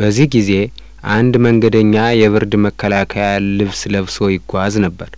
በዚህ ጊዜ አንድ መንገደኛ የብርድ መከላከያ ልብስ ለብሶ ይጓዝ ነበር